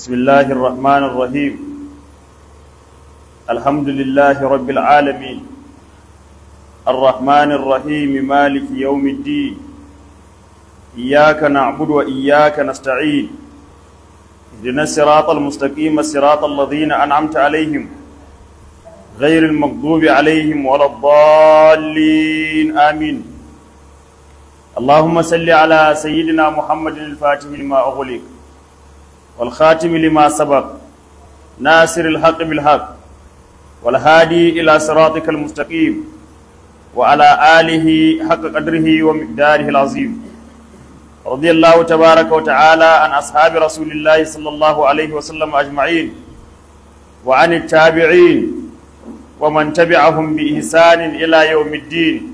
بسم الله الرحمن الرحيم الحمد لله رب العالمين الرحمن الرحيم مالك يوم الدين إياك نعبد وإياك نستعين اهدنا الصراط المستقيم الصراط الذين أنعمت عليهم غير المغضوب عليهم ولا الضالين آمين اللهم صل على سيدنا محمد الفاتح لما أغلق والخاتم لما سبق ناصر الحق بالحق والهادي إلى صراطك المستقيم وعلى آله حق قدره ومقداره العظيم رضي الله تبارك وتعالى عن أصحاب رسول الله صلى الله عليه وسلم أجمعين وعن التابعين ومن تبعهم بإحسان إلى يوم الدين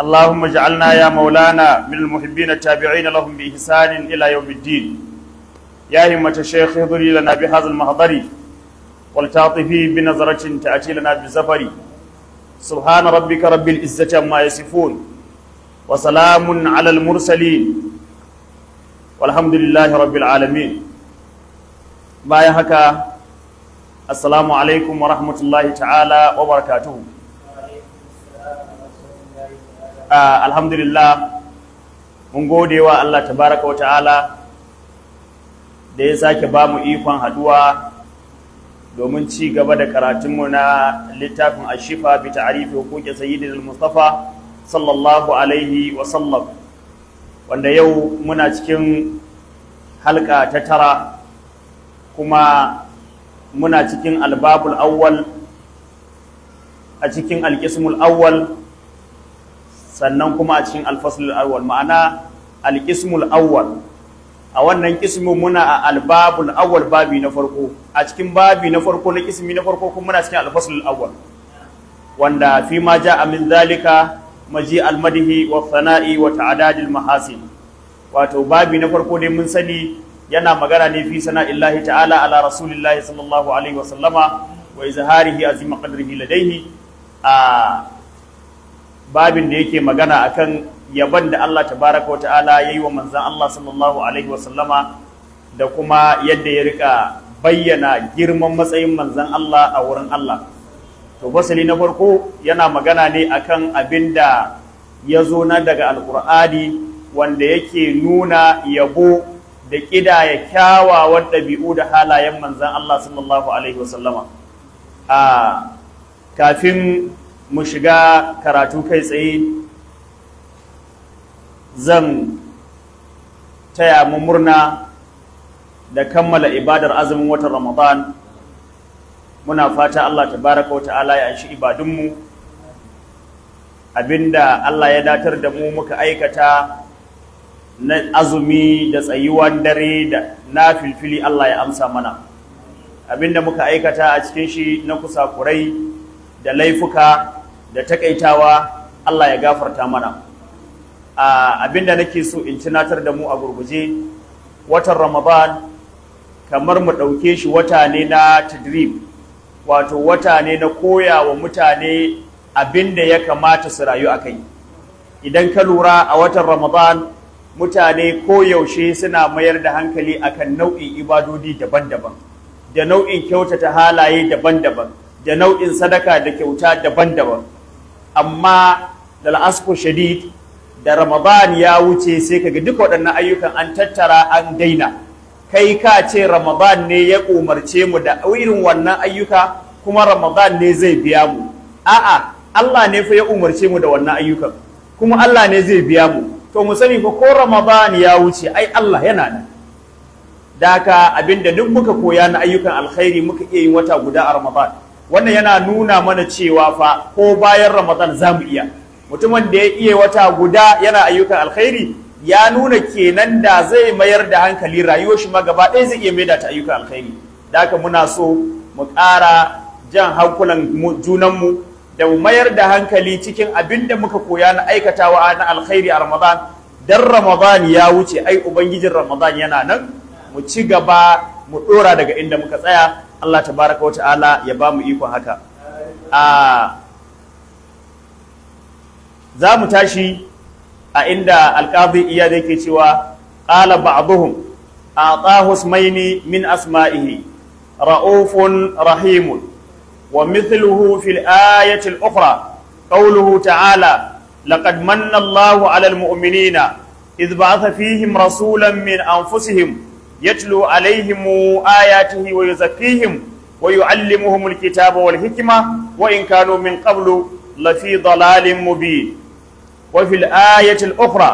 اللهم اجعلنا يا مولانا من المحبين التابعين لهم بإحسان إلى يوم الدين يا همة الشيخ اهضري لنا بهذا المحضر والتعطفي بنظرة تأتي لنا بالزفر سبحان ربك رب العزة عما يصفون وسلام على المرسلين والحمد لله رب العالمين بايا هكا assalamu alaikum wa rahmatullahi ta'ala wa barakatuhu alhamdulillah mun gode wa Allah tabaraka wa ta'ala da ya sake ba mu ikon haduwa domin ci gaba da karatunmu na littafin ashifa bi ta'arifi hukuki sayyidina al-mustafa sallallahu alaihi wa sallam wanda yau muna cikin halka ta tara kuma muna cikin albabul awwal a cikin alƙismul awwal sannan kuma a cikin alfaslul awwal ma'ana alƙismul awwal a wannan kismin muna a albabul awwal babi na farko a cikin babi na farko na kismi na farko kuma muna cikin alfasul awwal wanda fi ma ja amin zalika maji almadihi wa sana'i wa ta'adadil mahasin wato babi na farko dai mun sani yana magana ne fi sana'illahi ta'ala ala rasulillahi sallallahu alaihi wa sallama wa izharihi azima qadrihi ladaihi a babin da yake magana akan yaban da Allah tabaraka wata'ala ya yi wa manzan Allah sallallahu alaihi wasallama da kuma yadda ya rika bayyana girman matsayin manzan Allah a wurin Allah to basali na farko yana magana ne akan abin da ya zo na daga alkur'ani wanda yake nuna yabo da ƙidaya kyawawan ɗabi'u da halayen manzan Allah sallallahu alaihi wasallama kafin mu shiga karatu kai tsaye zan taya mu murna da kammala ibadar azumin watan Ramadan muna fata Allah ta baraka wa ta'ala ya ibadun ibadunmu abinda Allah ya datar da mu muka aikata na azumi da tsayuwan dare da na filfili Allah ya amsa mana abinda muka aikata a cikin shi na kusakurai da laifuka da takaitawa Allah ya gafarta mana abin da nake so in tunatar da mu a gurguje watan ramadan kamar mu ɗauke shi wata ne na tadrib wato wata ne na koya wa mutane abin da ya kamata su rayu a kai idan ka lura a watan ramadan mutane koyaushe suna mayar da hankali akan nau'in ibadodi daban-daban da nau'in kyautata halaye daban-daban da nau'in sadaka da kyauta daban-daban amma da shadid da Ramadan ya wuce sai ka ga duka waɗannan ayyukan an tattara an daina kai ka ce Ramadan ne ya umarce mu da irin wannan ayyuka kuma Ramadan ne zai biya mu a'a Allah ne fa ya umarce mu da wannan ayyukan kuma Allah ne zai biya mu to mu sani ko Ramadan ya wuce ai Allah yana nan daka abinda duk muka koya na ayyukan alkhairi muka iya yin wata guda a Ramadan wannan yana nuna mana cewa fa ko bayan Ramadan za mu iya mutumin da ya iya wata guda yana ayyukan alkhairi ya nuna kenan da zai mayar da hankali rayuwar shi magaba gaba ɗaya zai iya maida ta ayyukan alkhairi da haka muna so mu ƙara jan hankulan junanmu da mu mayar da hankali cikin abin da muka koya na aikatawa na alkhairi a ramadan dan ramadan ya wuce ai ubangijin ramadan yana nan mu ci gaba mu ɗora daga inda muka tsaya allah tabaraka wa ta'ala ya ba mu ikon haka a ah, za mu tashi a inda alƙadi iya da yake cewa ƙala ba'aduhum a ƙahusmaini min asma'ihi ra'ufun rahimun wa mithluhu fil ayatil ukhra qawluhu ta'ala laqad manna Allahu 'alal mu'minina idh ba'atha fihim rasulan min anfusihim yatlu 'alayhim ayatihi wa yuzakkihim wa yu'allimuhumul kitaba wal hikma wa in kanu min qablu lafi dhalalin mubin وفي الآية الأخرى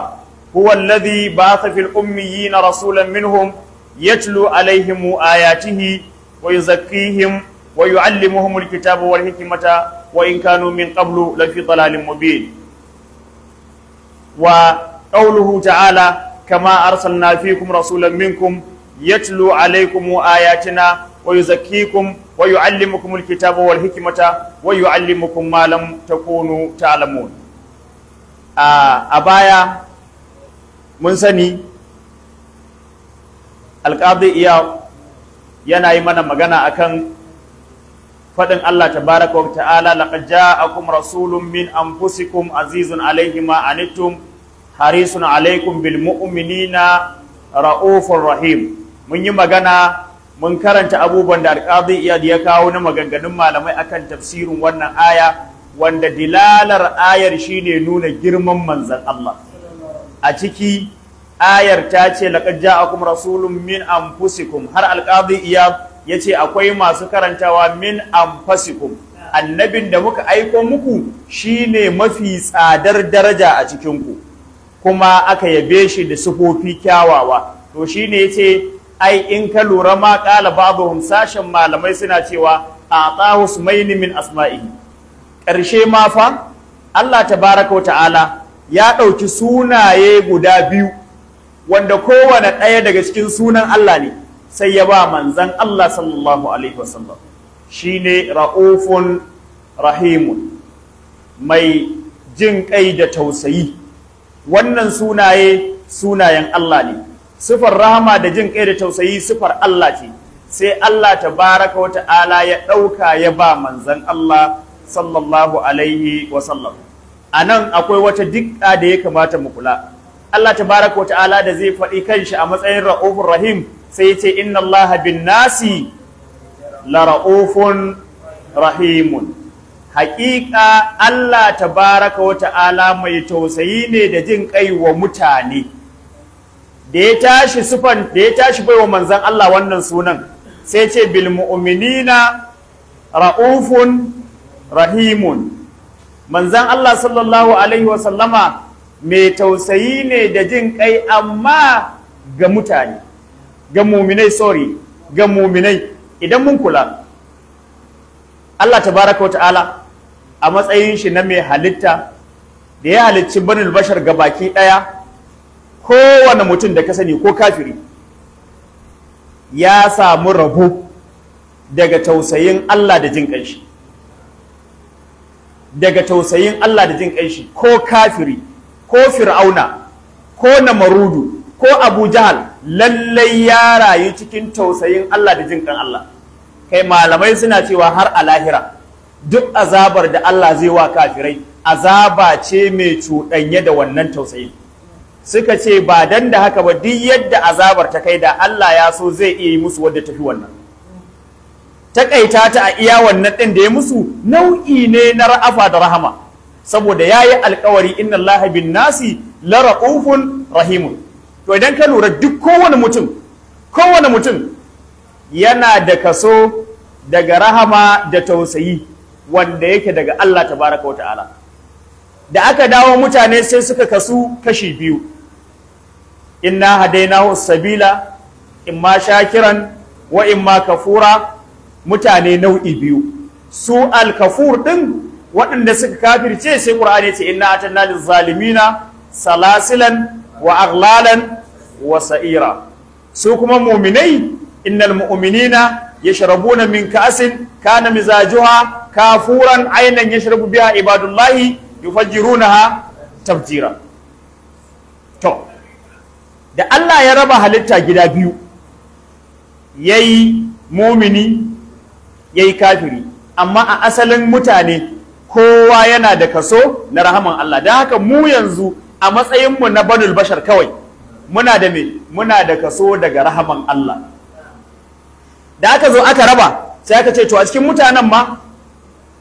هو الذي بعث في الأميين رسولا منهم يتلو عليهم آياته ويزكيهم ويعلمهم الكتاب والحكمة وإن كانوا من قبل لفي ضلال مبين وقوله تعالى كما أرسلنا فيكم رسولا منكم يتلو عليكم آياتنا ويزكيكم ويعلمكم الكتاب والحكمة ويعلمكم ما لم تكونوا تعلمون a baya mun sani alƙadi iya yana yi mana magana akan faɗin Allah tabaraka wa ta'ala laqad ja'akum rasulun min anfusikum azizun alayhi ma anittum harisun alaykum bil mu'minina ra'ufur rahim mun yi magana mun karanta abubuwan da alƙadi iya ya kawo na maganganun malamai akan tafsirin wannan aya wanda dilalar ayar shine nuna girman manzan Allah a ciki ayar ta ce a ja'akum rasulun min anfusikum har alqadi iya yace akwai masu karantawa min anfusikum annabin da muka aiko muku shine mafi tsadar daraja a cikinku kuma aka yabe shi da sufofi kyawawa to shine yace ai in ka lura ma qala babu sashen malamai suna cewa a ta min Asma'i' ƙarshe ma fa Allah tabaraka ta'ala ya ɗauki sunaye guda biyu wanda kowane ɗaya daga cikin sunan Allah ne sai ya ba manzan Allah sallallahu alaihi wasallam shine ra'ufun rahimun mai jin ƙai da tausayi wannan sunaye sunayen Allah ne sifar rahama da jin ƙai da tausayi sifar Allah ce sai Allah tabaraka ta'ala ya ɗauka ya ba manzan Allah sallallahu alaihi wa sallam nan akwai wata dikka da ya kamata mu kula Allah Ta baraka tabaraka wata'ala da zai faɗi kanshi a matsayin ra'ufur rahim sai ce inna Allah bin nasi la ra'ufun rahimun haƙiƙa Allah Ta baraka tabaraka ta'ala mai tausayi ne da jin kai wa mutane da ya tashi sufan da ya tashi baiwa manzon Allah wannan sunan sai ce bil mu'minina ra'ufun rahimun manzan Allah sallallahu alaihi wasallama mai tausayi ne da jin kai amma ga mutane ga muminai sorry ga muminai idan mun kula Allah tabaraka wa ta'ala a matsayin shi na mai halitta da ya halicci banul bashar ga baki ɗaya kowane mutum da ka sani ko kafiri ya samu rabu daga tausayin Allah da jin ƙanshi. daga tausayin Allah da jin ƙanshi ko kafiri ko fir'auna ko namarudu ko abu jahal lallai ya rayu cikin tausayin Allah da jin ƙan Allah kai malamai suna cewa har a lahira duk azabar da Allah zai wa kafirai azaba ce mai cuɗanye da wannan tausayin suka ce ba dan da haka ba duk yadda azabar ta kai da Allah ya so zai iya yi musu wadda tafi wannan takaita ta a iya wannan ɗin da ya musu nau'i ne na ra'afa da rahama saboda ya yi alkawari inna Allah bin nasi la rahimu. rahimun to idan ka lura duk kowane mutum kowane mutum yana da kaso daga rahama da tausayi wanda yake daga Allah tabaraka wata'ala da aka dawo mutane sai suka kasu kashi biyu inna hadainahu sabila imma shakiran wa imma kafura mutane nau'i biyu su alkafur din waɗanda suka kafirce sai qur'ani ce inna atanna lizalimina salasilan wa aghlalan wa sa'ira su kuma mu'minai innal mu'minina yashrabuna min ka'sin kana mizajuha kafuran ya sharabu biha ibadullahi yufajjirunaha tafjira to da Allah ya raba halitta gida biyu yayi mumini ya yi kafiri amma a asalin mutane kowa yana da kaso na rahaman Allah don haka mu yanzu a matsayinmu na banul bashar kawai muna da me muna da kaso daga rahaman Allah da aka zo aka raba sai aka ce to a cikin mutanen ma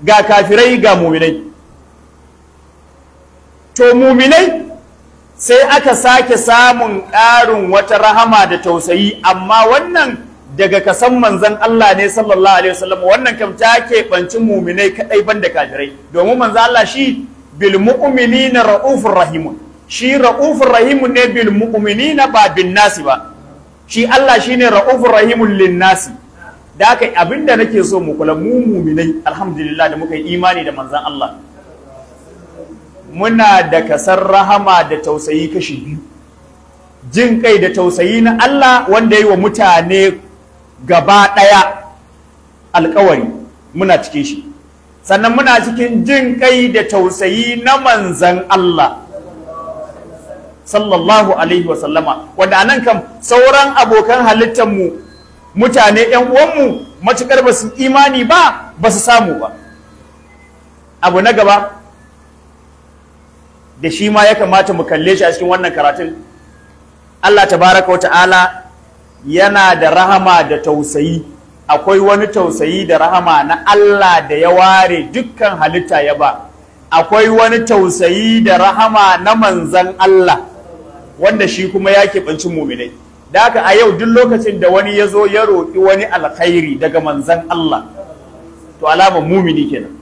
ga kafirai ga muminai to muminai sai aka sake samun ƙarin wata rahama da tausayi amma wannan daga kasan manzan Allah ne sallallahu alaihi wasallam wannan kam ta keɓancin muminai kaɗai ban da kafirai domin manzan Allah shi bil mu'minina ra'ufur shi ra'ufur rahimu ne bil mu'minina ba bin nasi ba shi Allah shi ne ra'ufur rahimun lin nasi da haka abinda nake so mu kula mu muminai alhamdulillah da muka yi imani da manzan Allah muna da kasar rahama da tausayi kashi biyu jin kai da tausayi na Allah wanda ya yi wa mutane gaba ɗaya alkawari muna cikin shi sannan muna cikin jin kai da tausayi na manzan Allah sallallahu alaihi wasallama wanda anan kam sauran abokan halittar mu mutane ‘yan uwanmu matuƙar ba su imani ba ba su samu ba abu na gaba da shi ma ya kamata mu kalle shi a cikin wannan karatun Allah tabaraka wa ta'ala yana da rahama da tausayi akwai wani tausayi da rahama na Allah da ya ware dukkan halitta ya ba akwai wani tausayi da rahama na manzan Allah wanda shi kuma ya keɓanci muminai da aka a yau duk lokacin da wani ya zo ya roƙi wani alkhairi daga manzan Allah to alama mumini kenan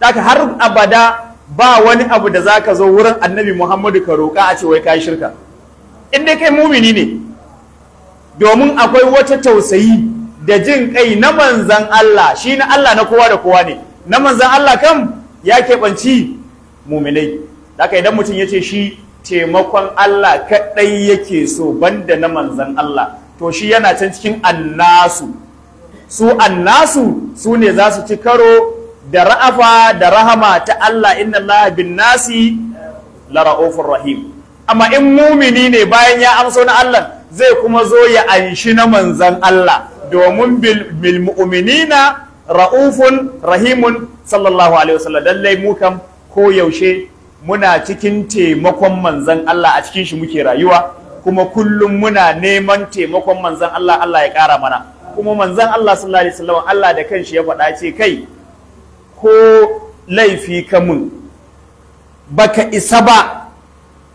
da aka har abada ba wani abu da za ka zo wurin annabi Muhammadu ka roƙa a ce wai ka. shirka in dai kai mumini ne domin akwai wata tausayi da jin kai na manzan Allah shi na Allah na kowa da kowa ne na manzan Allah kan ya keɓanci muminai haka idan mutum ya ce shi taimakon Allah kaɗai yake so banda na manzan Allah to shi yana can cikin annasu su annasu su ne za su ci karo da ra'afa da rahama ta Allah inna Allah bin nasi la rahim amma in mumini ne bayan ya amso na Allah zai kuma zo ya anshi na manzan Allah domin bilmu'uminina, ra'ufun rahimun sallallahu alaihi wasallam lallai mu kam ko yaushe muna cikin taimakon manzan Allah a cikin shi muke rayuwa kuma kullum muna neman taimakon manzan Allah Allah ya ƙara mana kuma manzan Allah sallallahu alaihi wasallam Allah da kanshi ya faɗa ce kai ko laifi ka mun baka isa ba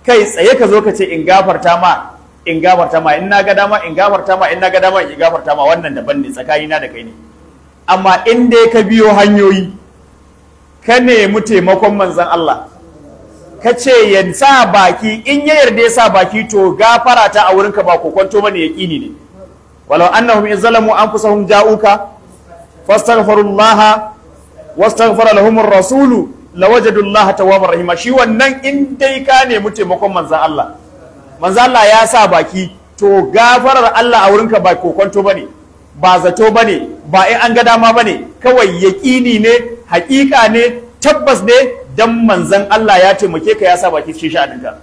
kai tsaye ka zo ka ce in gafarta ma in gafarta ma in na ga dama in gafarta ma in na ga dama in gafarta ma wannan daban ne tsakanina da kai ne amma in dai ka biyo hanyoyi ka nemi taimakon manzon Allah ka ce ya sa baki in ya yarda ya sa baki to gafara ta a wurin ka ba kokonto bane yaqini ne walau annahum in zalamu anfusahum ja'uka fastaghfirullah wastaghfara lahum rasulu rasul Allah tawwabar rahima shi wannan in dai ka nemi taimakon manzon Allah manzo Allah ya sa baki to gafarar Allah a wurinka ba kokonto bane ba zato bane ba in an ga dama bane kawai yaƙini ne haƙiƙa ne tabbas ne dan manzon Allah ya taimake ka ya sa baki cikin ka.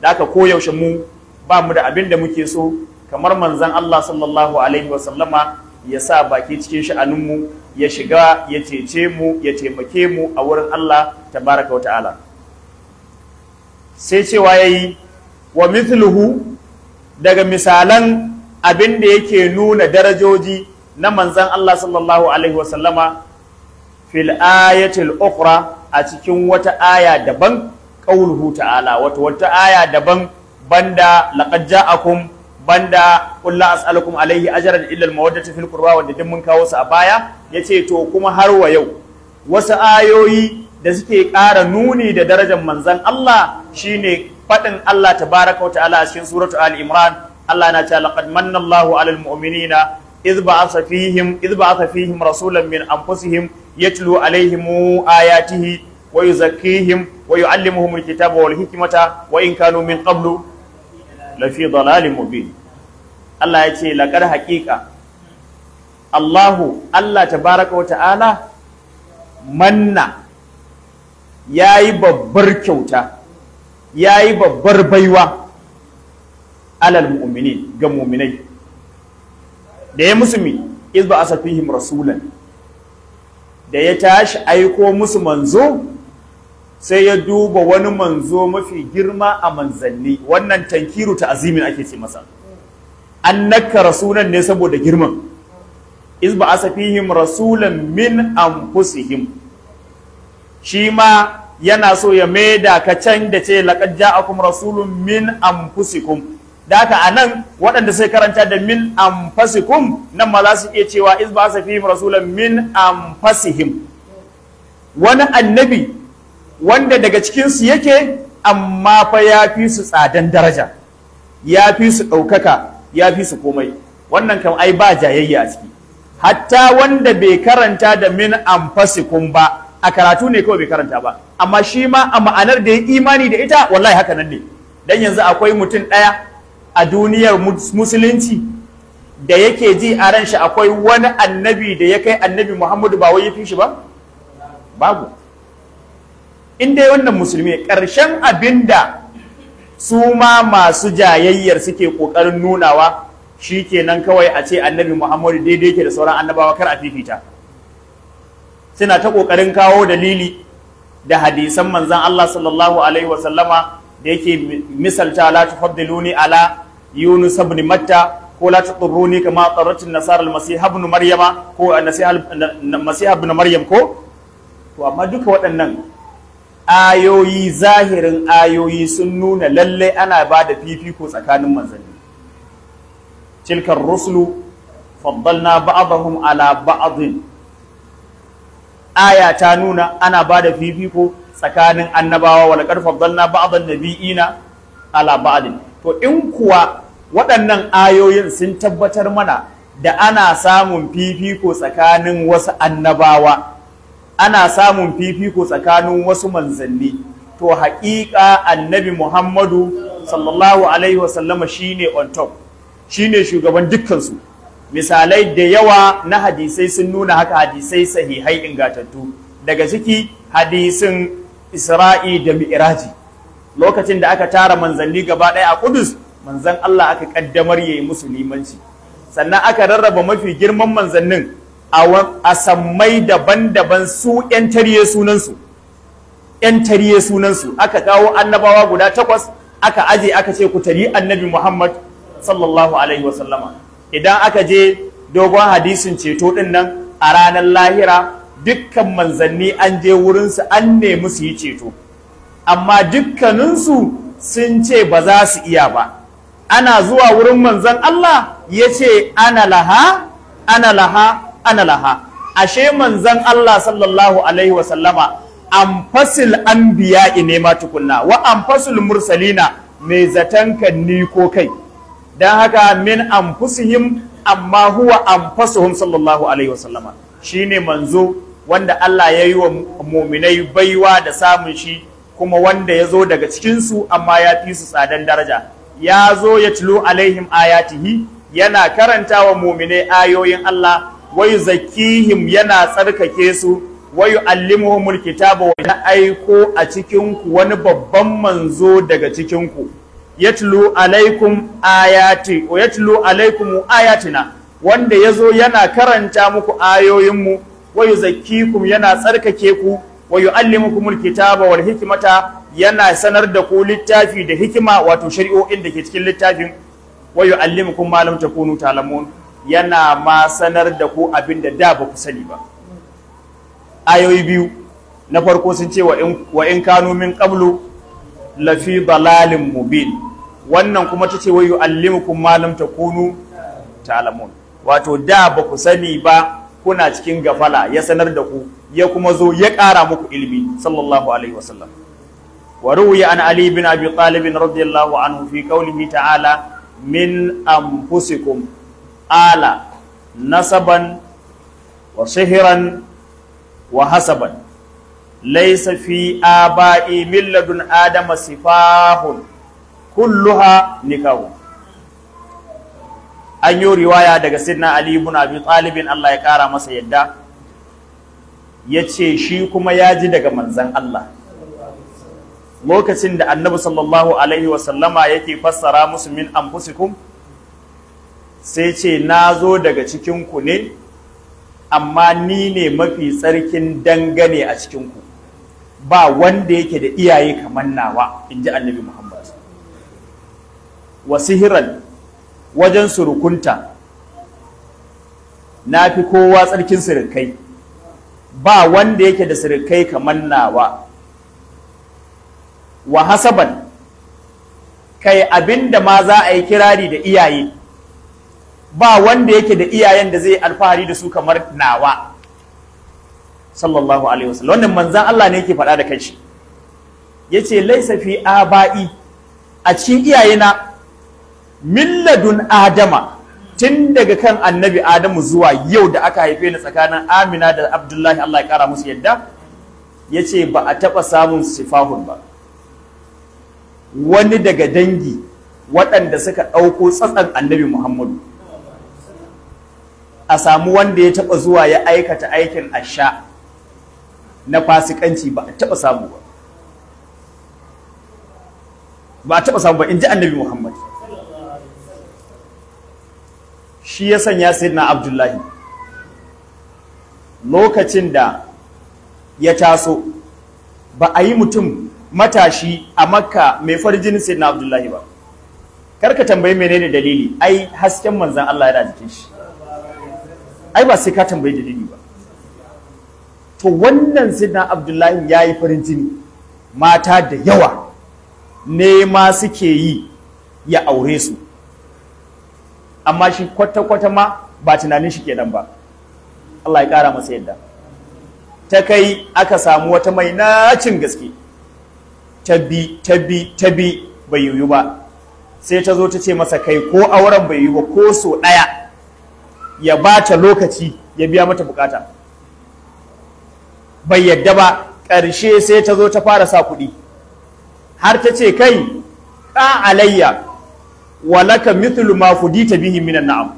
da ko koyaushe mu ba mu da abin da muke so kamar manzon Allah sallallahu alaihi wa sallama ya sa baki cikin sha'aninmu ya shiga ya cece mu ya taimake mu a wurin Allah tabaraka wa ta'ala sai cewa yayi wa mithluhu daga misalan abin da yake nuna darajoji na manzan Allah sallallahu alaihi wasallama fil ayatul ukhra a cikin wata aya daban ƙaunuhu ta'ala wata wata aya daban banda laqad ja'akum banda qul la as'alukum alaihi ajran illa al mawaddati fil qurba wanda duk mun kawo su a baya yace to kuma har wa yau wasu ayoyi da suke ƙara nuni da darajar manzan Allah shine faɗin Allah tabaraka wa ta'ala a cikin suratu Ali Imran Allah na ce laqad manna Allahu 'alal mu'minina idh ba'atha fihim idh ba'atha fihim rasulan min anfusihim yatlu 'alayhim ayatihi wa yuzakkihim wa yu'allimuhum wal hikmata wa in kanu min qablu lafi dalalin mubin Allah ya ce laqad haqiqa Allahu Allah tabaraka wa ta'ala manna yayi babbar kyauta ya yi babbar baiwa alal mu'minin ga mu'minai da ya musu izba a safihim rasulan da ya tashi aiko musu manzo sai ya duba wani manzo mafi girma a manzanni wannan tankiru ta azimin ake ce masa an nakara sunan ne saboda girman izba a safihim rasulan min anfusihim shi ma yana so ya maida ka can da ce laqad ja'akum rasulun min anfusikum da haka anan waɗanda sai karanta da min anfasikum nan ma za su iya cewa iz ba fihim rasulan min anfasihim wani annabi wanda daga cikinsu yake amma fa ya fi su tsadan daraja ya fi su ɗaukaka ya fi su komai wannan kam ai ba jayayya a ciki hatta wanda bai karanta da min anfasikum ba a karatu ne kawai bai karanta ba amma shi ma a ma'anar da ya imani da ita wallahi haka nan ne dan yanzu akwai mutum ɗaya a duniyar musulunci da yake ji a ran shi akwai wani annabi da ya kai annabi Muhammadu ba wai ya fi shi ba babu in dai wannan musulmi ƙarshen abin da su ma masu jayayyar suke ƙoƙarin nunawa shi kenan kawai a ce annabi Muhammadu daidai yake da sauran annabawa kar a fifita suna ta ƙoƙarin kawo dalili da hadisan manzan Allah sallallahu alaihi wasallama da yake misalta la tufaddiluni ala yunus ibn matta ko la tudurruni kama qarratin nasar al-masih ibn maryama ko al-masih maryam ko to amma duka waɗannan ayoyi zahirin ayoyi sun nuna lalle ana ba da ko tsakanin manzanni tilkar rusulu faddalna ba'dahum ala ba'dhin aya ta nuna ana ba da fifiko tsakanin annabawa wala karfa zanna ba'dan nabiyina ala ba'din to in kuwa waɗannan ayoyin sun tabbatar mana da ana samun fifiko tsakanin wasu annabawa ana samun fifiko tsakanin wasu manzanni to haƙiƙa annabi Muhammadu sallallahu alaihi wasallama shine on top shine shugaban dukkansu misalai da yawa na hadisai sun nuna haka hadisai sahihai ingatattu daga ciki hadisin isra'i da mi'raji lokacin da aka tara manzanni gaba ɗaya a kudus manzan Allah aka kaddamar yayi musu limanci sannan aka rarraba mafi girman manzannin a sammai daban-daban su 'yan tariye sunansu 'yan tariye sunansu aka kawo annabawa guda takwas aka aje aka ce ku tari annabi Muhammad sallallahu alaihi wasallama idan aka je dogon hadisin ceto ɗin nan a ranar lahira dukkan manzanni an je wurinsu an nemi su yi ceto amma dukkaninsu sun ce ba za su iya ba ana zuwa wurin manzan Allah ya ce ana laha ana laha ana laha ashe manzan Allah sallallahu alaihi wasallama an biya ne ma tukunna wa amfasil mursalina mai zatankan ni ko kai dan haka min anfusihim amma huwa anfasuhum sallallahu alaihi wasallama shine manzo wanda Allah ya yi wa muminai baiwa da samun shi kuma wanda ya zo daga cikinsu amma ya fi su tsadan daraja ya zo ya tilo alaihim ayatihi yana karantawa muminai ayoyin Allah wayu zakihim yana tsarkake su wayu allimuhumul kitaba wa aiko a cikinku wani babban manzo daga cikin ku yatlu alaikum ayati wa yatlu alaikum ayatina wanda yazo yana karanta muku ayoyinmu wa yuzakkikum yana tsarkake ku wa yuallimukumul kitaba wal hikmata yana sanar da ku littafi da hikima wato shari'o'in da ke cikin littafin wa yuallimukum ma lam takunu ta'lamun yana ma sanar da ku abinda da ba ku sani ba ayoyi biyu na farko sun ce wa in kanu min qablu lafi dalalin mubin wannan kuma tace wa malam ta kunu ta ta'lamun wato da ba ku sani ba kuna cikin gafala ya sanar da ku ya kuma zo ya ƙara muku ilimi sallallahu alaihi wasallam wa ruwiya an ali bin abi talib radiyallahu anhu fi qawlihi ta'ala min anfusikum ala nasaban wa shahiran wa hasaban laysa fi aba'i min ladun adama sifahun kulluha nikahu an yi riwaya daga sidna ali ibn abi talibin Allah ya kara masa yadda ya ce shi kuma ya ji daga manzan Allah lokacin da annabi sallallahu alaihi wasallama yake fassara musu min anfusikum sai ce na zo daga cikinku ne amma ni ne mafi tsarkin dangane a cikinku ba wanda yake da iyaye kamar nawa in ji annabi muhammad wa sihiran wajen surukunta na fi kowa tsarkin sirikai ba wanda yake da sirikai kamar nawa wa hasaban kai abinda ma za a yi kirari da iyaye ba wanda yake da iyayen da zai alfahari da su kamar nawa sallallahu alaihi wasallam wannan manzan Allah ne yake faɗa da kanshi yace laisa fi aba'i a cikin iyayena milladun adama tun daga kan annabi adamu zuwa yau da aka haife ni tsakanin amina da abdullahi allah ya kara musu yadda ya ce ba a taɓa samun sifahun ba wani daga dangi waɗanda suka ɗauko tsatsan annabi muhammadu a samu wanda ya taɓa zuwa ya aikata aikin asha na fasikanci ba a taɓa samu ba ba a taɓa samu ba in ji annabi muhammadu shi ya sanya sayyidina abdullahi lokacin da ya taso ba a yi mutum matashi a makka mai farjin sayyidina abdullahi ba karka tambayi menene dalili ai hasken manzan Allah yana jikin shi ai ba sai ka tambayi dalili ba to wannan sayyidina abdullahi ya yi farin jini mata da yawa nema suke yi ya aure su amma shi kwata-kwata ma ba tunanin shi ke kenan ba Allah ya ƙara masa yadda ta kai aka samu wata mai nacin gaske tabi tabi tabi bai yiwu ba sai ta zo ta ce masa kai ko auren bai yiwu ba ko so ɗaya ya ba ta lokaci ya biya mata bukata bai yadda ba ƙarshe sai ta zo ta fara sa kuɗi har ta ce kai ka alayya walaka mithlu ma fudita bihi minan na'am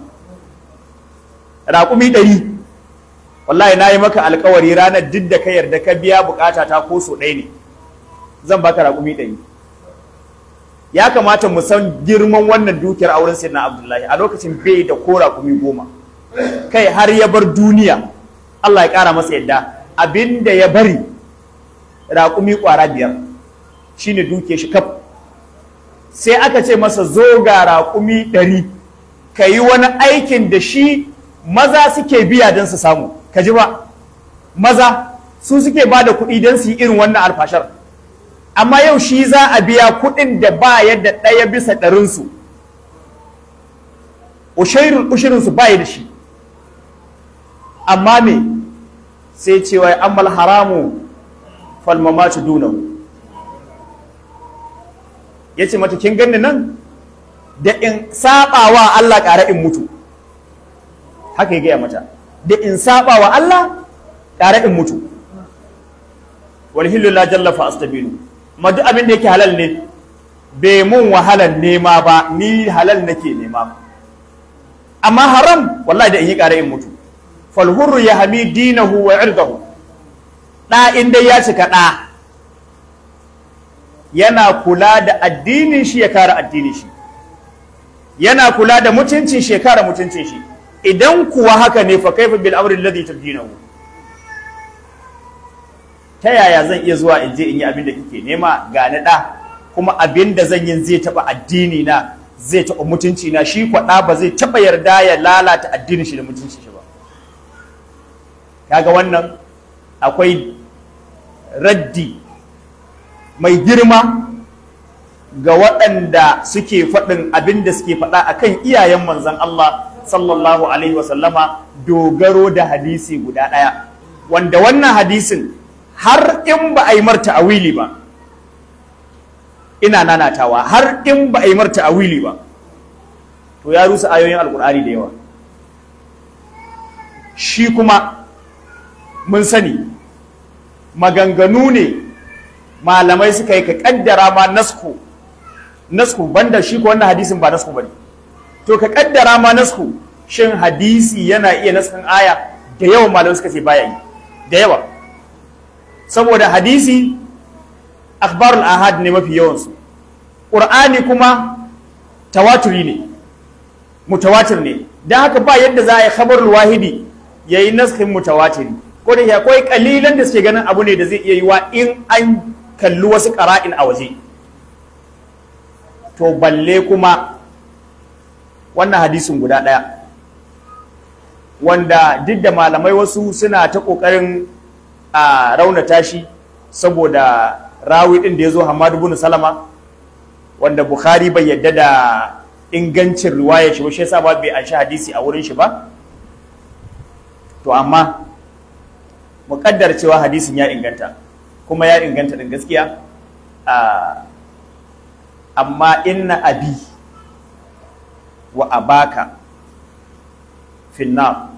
raƙumi ɗari wallahi na yi maka alkawari ranar duk da ka yarda ka biya bukata ta ko so ɗaya ne zan baka raƙumi ɗari ya kamata mu san girman wannan dukiyar auren sayyidina abdullahi a lokacin bai da ko raƙumi goma kai har ya bar duniya Allah ya ƙara masa yadda abinda ya bari raƙumi ƙwara biyar shine dukiyar shi kaf sai aka ce masa zo ga raƙumi ɗari ka yi wani aikin da shi maza suke biya don su samu ka ji ba maza su suke ba da kuɗi don su yi irin wannan alfashar amma yau shi za a biya kuɗin da ba yadda ɗaya bisa ɗarinsu ushirinsu ba da shi amma me sai cewa ammal haramu ci dunahu ya ce mata kin ganni nan da in wa Allah ƙara in mutu haka ya gaya mata da in wa Allah ƙara in mutu walhillu la jallafa astabilu ma abin da yake halal ne bai mun wahalan nema ba ni halal nake nema amma haram wallahi da in yi ƙara in mutu falhurru ya hami dinahu wa irdahu ɗa in dai ya cika ɗa yana kula da addinin shi ya kara addinin shi yana kula da mutuncin shi ya kara mutuncin shi idan kuwa haka ne fa kaifa bil amri alladhi tabdinahu ta yaya zan iya zuwa in je in yi abin da kike nema ga na da kuma abin da zan yi zai taba addini na zai taba mutunci na shi kwada ba zai taba yarda ya lalata addinin shi da mutuncin shi ba kaga wannan akwai raddi mai girma ga waɗanda suke faɗin abin da suke faɗa akan iyayen manzan Allah sallallahu alaihi wasallama dogaro da hadisi guda ɗaya wanda wannan hadisin har in ba a yi marta a wili ba ina nanatawa har in ba a yi marta a wili ba to ya rusa ayoyin alkur'ani da yawa shi kuma mun sani maganganu ne malamai suka yi ka kaddara ma nasku nasku banda shi ko wannan hadisin ba nasku bane to ka kaddara ma nasku shin hadisi yana iya naskan aya da yawa malamai suka ce baya yi da yawa saboda hadisi akhbarul ahad ne mafi yawansu qur'ani kuma tawaturi ne mutawatir ne don haka ba yadda za a yi khabarul wahidi yayi naskin mutawatir ko da akwai kalilan da suke ganin abu ne da zai iya yiwa in an kalli wasu ƙara'in a waje to balle kuma wannan hadisin guda ɗaya wanda duk da malamai wasu suna ta ƙoƙarin a raunata shi saboda rawi ɗin da ya zo hamadu bin salama wanda bukhari bai yadda da ingancin ruwaya shi ba shi yasa ba bai an shi hadisi a wurin shi ba to amma muƙaddar cewa hadisin ya inganta kuma ya inganta din gaskiya ah, amma inna abi wa abaka finna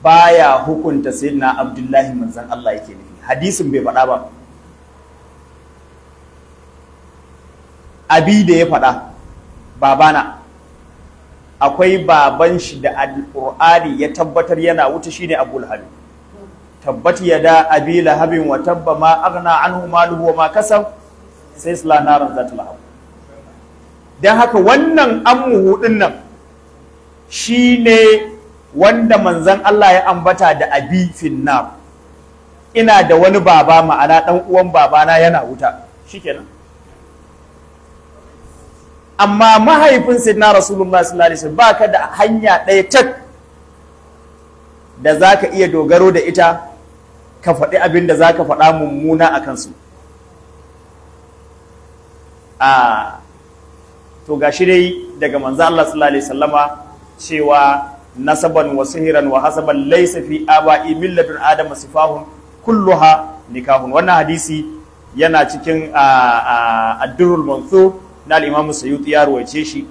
baya hukunta sayyidina abdullahi manzan Allah yake nufi hadisin bai faɗa ba abi da ya faɗa babana akwai baban shi da alƙur'ani ya tabbatar yana wuta shine abul Halu. ya da abi lahabin wa tabba ma aghna anhu maluhu wa ma kasab sai sala naran zatul lahab dan haka wannan ammuhu din nan shine wanda manzon Allah ya ambata da abi finnar ina da wani baba ma'ana dan uwan babana yana wuta shikenan amma mahaifin na rasulullah sallallahu alaihi wasallam baka da hanya ɗaya tak da zaka iya dogaro da ita ka faɗi abin da za ka faɗa mummuna a kansu a to ga shi dai daga manzan Allah sallallahu alaihi sallama cewa nasaban wa sihiran wa hasaban laysa fi aba'i millatin adama sifahun kulluha nikahun wannan hadisi yana cikin addurul manzo na al-imam ya ruwaice shi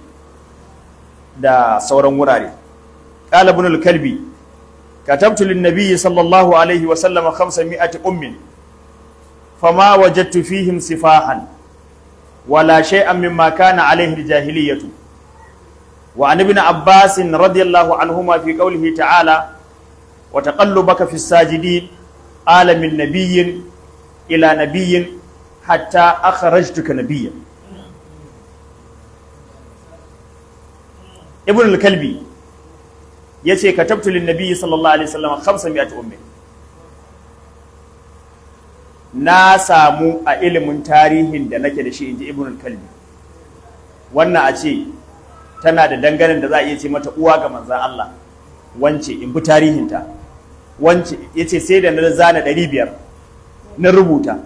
da sauran wurare qala كتبت للنبي صلى الله عليه وسلم خمسمائة أم فما وجدت فيهم سفاحا ولا شيئا مما كان عليه الجاهلية وعن ابن عباس رضي الله عنهما في قوله تعالى وتقلبك في الساجدين آل من نبي إلى نبي حتى أخرجتك نبيا ابن الكلبي Ya ce, ka katabtu lin nabi sallallahu alaihi wasallam 500 ummi na samu a ilimin tarihin da nake da shi inji ibn al-kalbi wannan a ce tana da danganin da za a iya ce mata uwa ga manzan Allah wance in bi tarihin ta. wance yace sai da na zana 500 na rubuta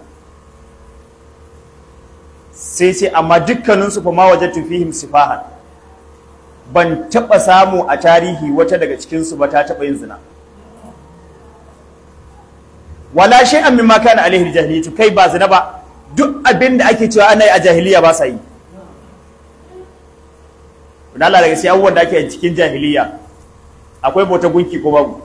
sai sai amma dukkaninsu fa ma wajadtu fihim sifahan ban taɓa samu a tarihi wata daga cikinsu ba ta taɓa yin zina wala an mimma kana alaihi to kai ba zina ba duk abin da ake cewa ana yi a jahiliya ba sa yi da Allah daga sai abubuwan da ake cikin jahiliya akwai bauta gunki ko babu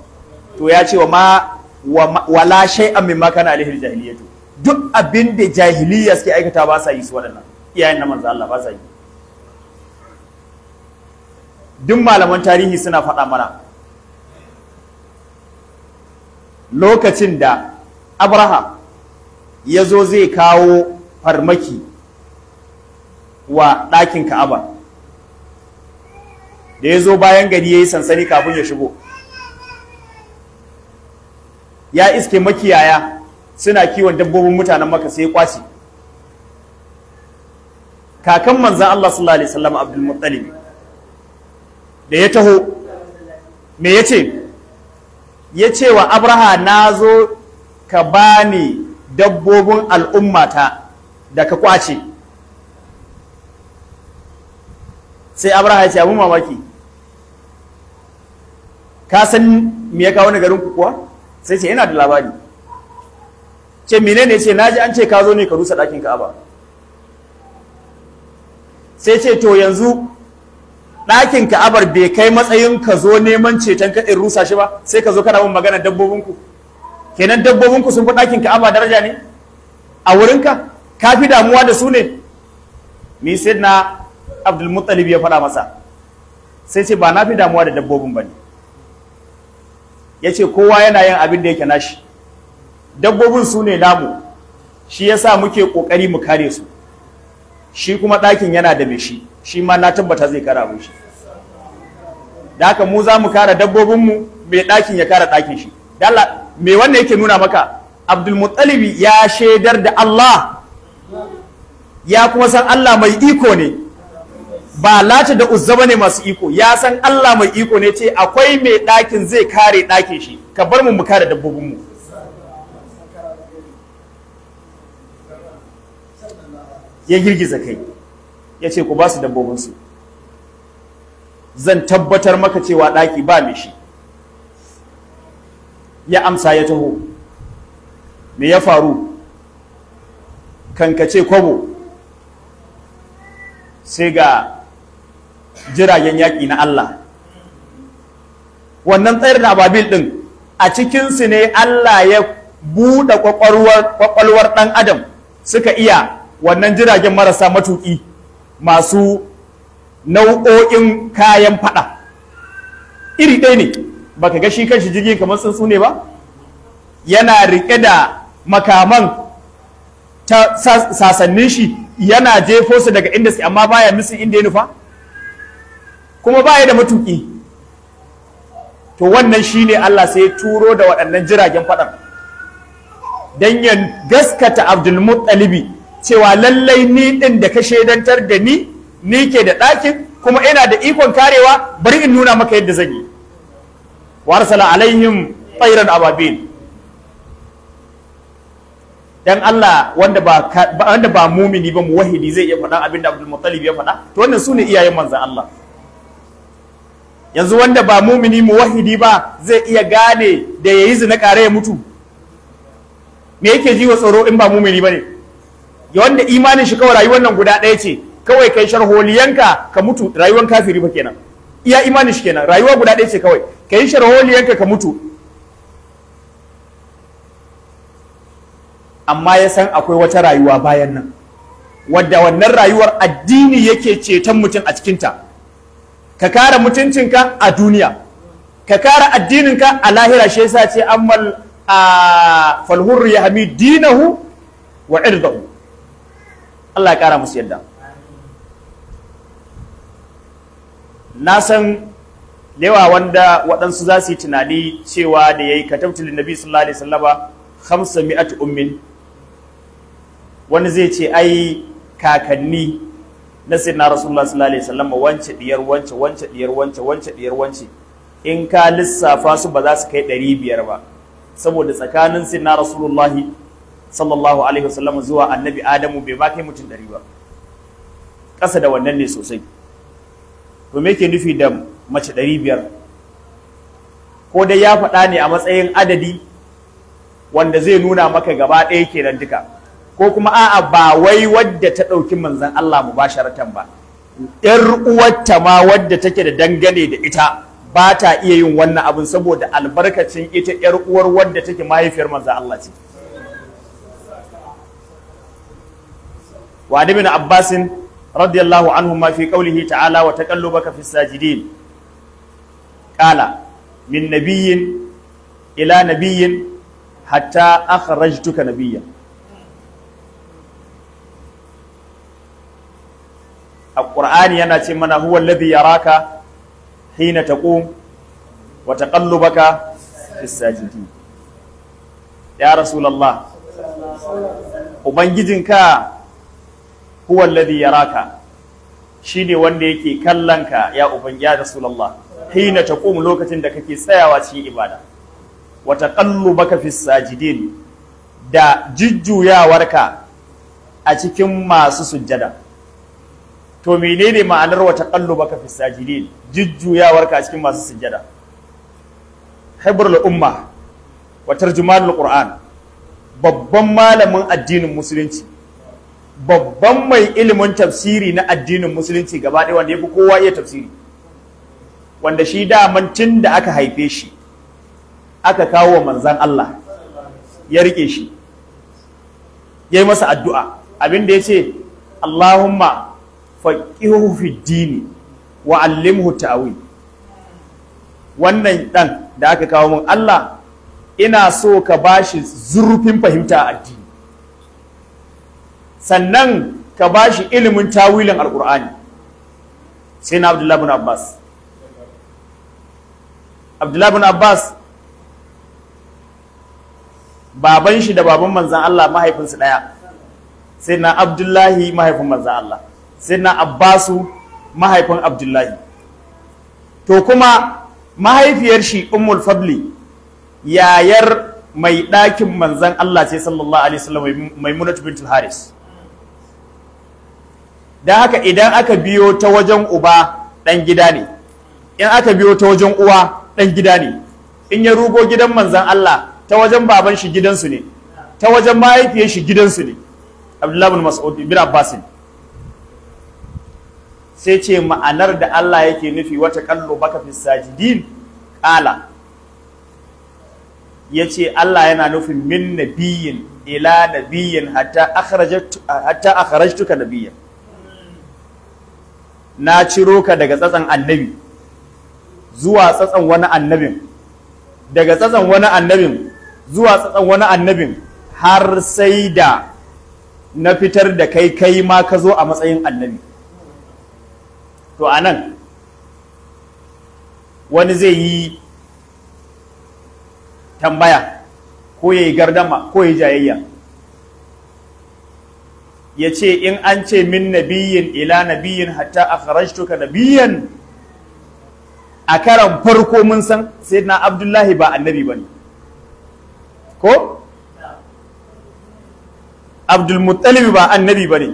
to ya ce wa ma wala an mimma kana alaihi to. duk abin da jahiliya suke aikata ba sa yi su waɗannan iyayen na manzo Allah ba sa yi duk malaman tarihi suna faɗa mana lokacin da Abraha ya zo zai kawo farmaki wa ɗakin ka'aba da ya zo bayan gari ya yi sansani kafin ya shigo ya iske makiyaya suna kiwon dabbobin mutanen maka sai ya kwace kakan manzan Allah sallallahu alaihi wasallam Abdul Muttalib da ya taho me ya ce ya ce wa abraha na zo ka bani dabbobin al'ummata da ka kwace sai abraha ya ce abin mamaki ka san me ya kawo ni garin kuwa sai ce yana da labari ce ne ce ji an ce ka zo ne ka rusa ɗakin ba sai ce to yanzu ɗakin abar bai kai matsayin ka zo neman ceton kaɗin rusa shi ba sai ka zo kana mun magana dabbobinku kenan dabbobinku sun fi ɗakin abar daraja ne a wurinka ka fi damuwa da su ne mi na abdulmuttalib ya faɗa masa sai ce ba na fi damuwa da dabbobin ba ne ya ce kowa yana yin abin da yake nashi dabbobin su ne namu shi yasa muke ƙoƙari mu kare su shi kuma ɗakin yana da mai shi shi ma na tabbata zai kara abin shi da haka mu za mu kara mu mai ɗakin ya kara ɗakin shi dala me wanda yake nuna maka mutalibi ya shaidar da Allah ya kuma san Allah mai iko ne ba lati da uzza bane masu iko ya san Allah mai iko ne ce akwai mai ɗakin zai kare ɗakin shi ka bar mu mu kare mu. ya girgiza kai ya ce ku ba su dabbobinsu zan tabbatar maka cewa ɗaki ba mai shi ya amsa ya taho me ya faru kankace kwabo sai ga jiragen yaƙi na Allah wannan tsayar da ababil ɗin a cikinsu ne Allah ya buɗe ƙwaƙwalwar ɗan adam suka iya wannan jiragen marasa matuƙi masu nau'o'in kayan fada iri ɗaya ne ba baka ga shi kanshi jirgin kamar tsuntsu ne ba yana riƙe da makaman ta sasannin shi yana jefo su daga inda su amma baya misin inda ya nufa kuma baya da matuƙi to wannan shi ne Allah sai turo da waɗannan jiragen faɗan don ya gaskata Abdulmuttalibi cewa lallai ni ɗin da ka shaidantar da ni ni ke da ɗakin kuma ina da ikon karewa bari in nuna maka yadda zan yi wa arsala alaihim tsairan ababil dan Allah wanda ba wanda ba mumini ba muwahidi zai iya faɗa abin da Abdul Muttalib ya faɗa to wannan sune iyayen manzon Allah yanzu wanda ba mumini muwahidi ba zai iya gane da yayi zina kare ya mutu me yake ji wa tsoro in ba mumini bane ya wanda imanin shi kawai rayuwar nan guda ɗaya ce kawai kai sharholiyanka ka mutu rayuwar kafiri ba kenan iya imanin shi kenan rayuwa guda ɗaya ce kawai kai sharholiyanka ka mutu amma ya san akwai wata rayuwa bayan nan wadda wannan rayuwar addini yake ceton mutum a cikinta ka kare mutuncinka a duniya ka kare addininka a lahira shi yasa ce ammal a falhurri ya hami dinahu wa irdahu Allah ya kara musu yadda na san da yawa wanda waɗansu za su yi tunani cewa da ya yi sun linnabi sallallahu alaihi wasallama hamsa mi'at ummin wani zai ce ai kakanni na sayyidina rasulullah sallallahu alaihi wasallama wance ɗiyar wance wance ɗiyar wance wance ɗiyar wance in ka lissafa su ba za su kai ɗari biyar ba saboda tsakanin na Rasulullahi sallallahu alaihi wasallam zuwa annabi adamu bai ba kai mutum ɗari ba ƙasa da wannan ne sosai to me ke nufi da mace ɗari biyar ko dai ya faɗa ne a matsayin adadi wanda zai nuna maka gaba ɗaya kenan duka ko kuma a'a ba wai wadda ta ɗauki manzan Allah mubasharatan ba ƴar uwarta ma wadda take da dangane da ita ba ta iya yin wannan abin saboda albarkacin ita ƴar uwar wadda take mahaifiyar manzan Allah ce wa ibn Abbas radiyallahu anhuma fi qawlihi ta'ala wa taqallubaka fis sajidin qala min nabiyyin ila nabiyyin hatta akhrajtuka nabiyyan Al-Qur'ani yana ce mana huwa alladhi yaraka hina taqum wa taqallubaka fis sajidin ya ubangijinka huwa alladhi yaraka shine wanda yake ka ya uban ya rasulullah hina kuma lokacin da kake tsayawa cikin ibada wa taqallubaka fis sajidin da jujjuyawarka a cikin masu sujjada to menene ma'anar wa taqallubaka fis sajidin jujjuyawarka a cikin masu sujjada hibrul umma wa tarjumanul qur'an babban malamin addinin musulunci babban mai ilimin tafsiri na addinin musulunci gaba ɗaya wanda ya fi kowa iya tafsiri wanda shi daman tun da aka haife shi aka kawo wa manzan Allah ya riƙe shi ya yi masa addu'a abinda ya ce Allahumma faƙihu fi dini wa allimhu ta'awi wannan ɗan da aka kawo mun Allah ina so ka bashi zurfin fahimta a addini sannan ka ba shi ilimin tawilin alkur'ani sai na abdullahi bin abbas abdullahi bin abbas baban shi da baban manzan allah mahaifinsu ɗaya sai na abdullahi mahaifin manzan allah sai na abbasu mahaifin abdullahi to kuma mahaifiyar shi umul fabli yayar mai ɗakin manzan allah ce sallallahu alaihi wasallam maimunatu bintul haris don haka idan aka biyo ta wajen uba ɗan gida ne in aka biyo ta wajen uwa ɗan gida ne in ya rugo gidan manzan Allah ta wajen baban shi gidansu ne ta wajen mahaifiyar shi gidansu ne abdullahi bin mas'ud bin abbas sai ce ma'anar da Allah yake nufi wata kallo baka fi sajidin ƙala ya ce Allah yana nufin min nabiyin ila nabiyin hatta a akhrajtuka nabiyyan na ciro ka daga tsatsan annabi zuwa tsatsan wani annabin daga tsatsan wani annabin zuwa tsatsan wani annabin har sai da na fitar da kai kai ma ka zo a matsayin annabi to anan wani zai yi tambaya ko ya yi gardama ko ya yi jayayya ya ce in an ce min nabiyin ila nabiyin hatta akhrajtuka nabiyan a karan farko mun san sai na abdullahi ba annabi ba ne, ko abdul ba annabi ba ne,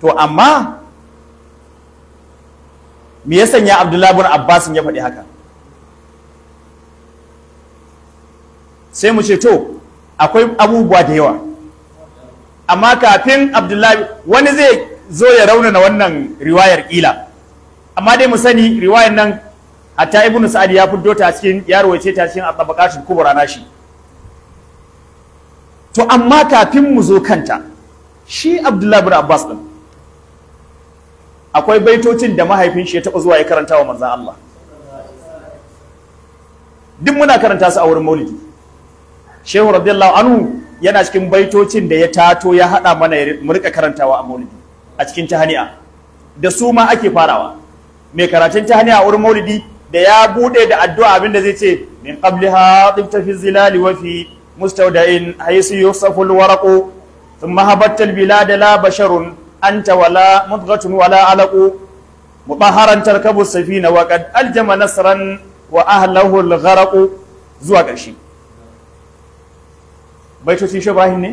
to amma me ya sanya abdullahi abbasin ya faɗi haka sai mu ce to akwai abubuwa da yawa amma kafin abdullahi wani zai zo ya rauna na wannan riwayar ƙila. amma dai mu sani riwayar nan hatta ibn sa'ad ya fito ta cikin ya rawace ta cikin at-tabaqatul kubra nashi to amma kafin mu zo kanta shi abdullahi bin abbas din akwai baitocin da mahaifin shi ya taba zuwa ya karanta wa manzon Allah duk muna karanta su a wurin maulidi shehu radiyallahu anhu yana cikin baitocin da ya tato ya haɗa mana ya rika karantawa a maulidi a cikin tahani'a da su ma ake farawa mai karatun tahani'a wurin maulidi da ya buɗe da addu'a abin da zai ce min qabliha tibta fi zilali wa fi mustawda'in haythu yusafu alwaraqu thumma habatta albilada la basharun anta wala mudghatun wala alaqu mubaharan tarkabu safina wa qad aljama nasran wa ahlahu algharaqu zuwa ƙarshe baitocin shabahim ne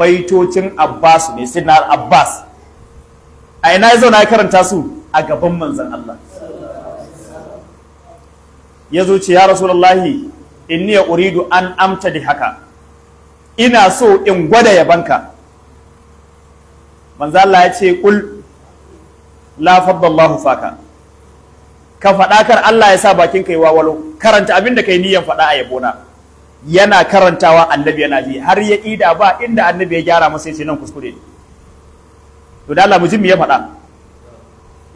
baitocin abbas ne na abbas a ina ya zauna ya karanta su a gaban manzan Allah ya zo ce ya in ni ya uridu an amta da haka ina so in gwada yabanka manzan Allah ya ce kul la faddallahu faka ka faɗa kar Allah ya sa bakin ka yi wawalo karanta abin da kai niyyar faɗa a yabona yana karantawa annabi yana ji har ya ƙida ba inda annabi ya gyara masa ya ce nan kuskure ne to da Allah mujim ya faɗa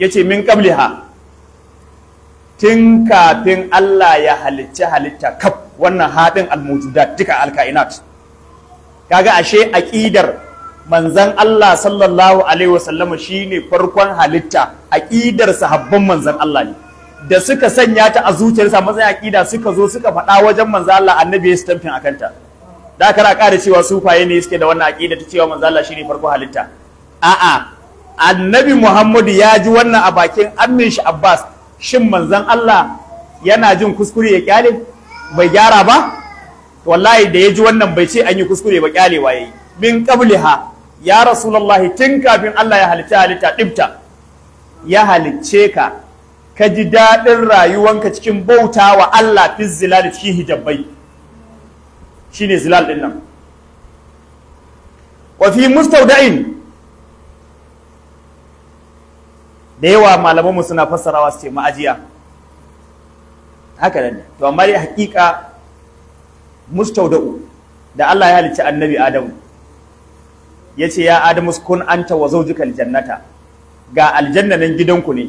yace min qabliha tun kafin Allah ya halicci halitta kaf wannan haɗin almujudat duka alkainat kaga ashe aƙidar manzan Allah sallallahu alaihi wasallam shine farkon halitta aqidar sahabban manzan Allah ne da suka sanya ta a zuciyarsa matsayin aƙida suka zo suka faɗa wajen manzo Allah annabi ya stamfin a kanta da raƙa da cewa su faye ne suke da wannan aƙida ta cewa manzo Allah shine farko halitta a'a annabi Muhammadu ya ji wannan a bakin ammin shi Abbas shin Manzan Allah yana jin kuskure ya kyale bai gyara ba wallahi da ya ji wannan bai ce an yi kuskure ba kyale waye min qabliha ya rasulullahi tun kafin Allah ya halitta halitta dibta ya halicce ka ka ji daɗin rayuwanka cikin bauta wa Allah fi zilal cikin hijabai Shi ne zilal ɗinnan. nan wa fi da yawa malamanmu suna fassarawa su ce ma'ajiya haka nan to amma dai hakika mustawda'u da Allah ya halicci annabi Adamu ya ce ya Adamus kun anta wa zaujikal jannata ga aljanna gidanku ne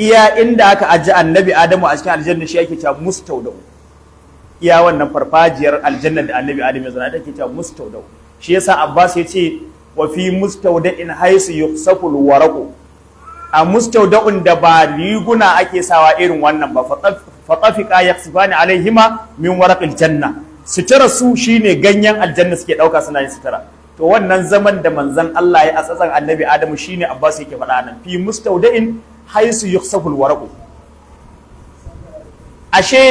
iya inda aka aji annabi adamu a cikin aljanna shi ake cewa mustaudau iya wannan farfajiyar aljanna da annabi adamu ya zana take cewa mustaudau shi yasa abbas ya ce wa fi mustaudain haisu yusaful waraqu a mustaudaun da ba riguna ake sawa irin wannan ba fatafika yaksifani alaihima min waraqil janna sutura su shine ganyen aljanna suke dauka suna yin sitara. to wannan zaman da manzon Allah ya a tsatsan annabi Adamu shine Abbas yake faɗa nan fi mustaudain haisu yuksaful waraqu ashe